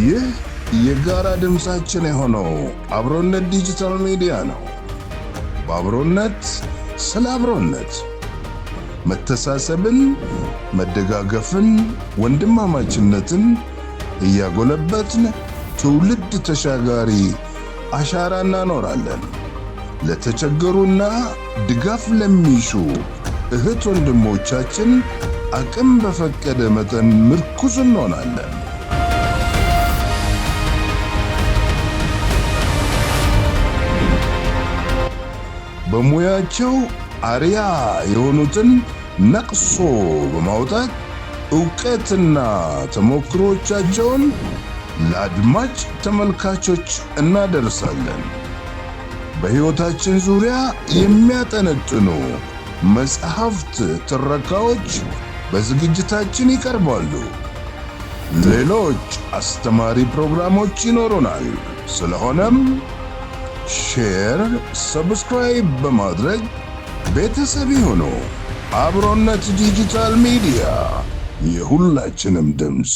ይህ የጋራ ድምፃችን የሆነው አብሮነት ዲጂታል ሚዲያ ነው። በአብሮነት ስለ አብሮነት መተሳሰብን፣ መደጋገፍን፣ ወንድማማችነትን እያጎለበትን ትውልድ ተሻጋሪ አሻራ እናኖራለን። ለተቸገሩና ድጋፍ ለሚሹ እህት ወንድሞቻችን አቅም በፈቀደ መጠን ምርኩዝ እንሆናለን። በሙያቸው አርያ የሆኑትን ነቅሶ በማውጣት እውቀትና ተሞክሮቻቸውን ለአድማጭ ተመልካቾች እናደርሳለን። በሕይወታችን ዙሪያ የሚያጠነጥኑ መጽሐፍት ትረካዎች በዝግጅታችን ይቀርባሉ። ሌሎች አስተማሪ ፕሮግራሞች ይኖሩናል። ስለሆነም ሼር፣ ሰብስክራይብ በማድረግ ቤተሰብ ይሁኑ። አብሮነት ዲጂታል ሚዲያ የሁላችንም ድምፅ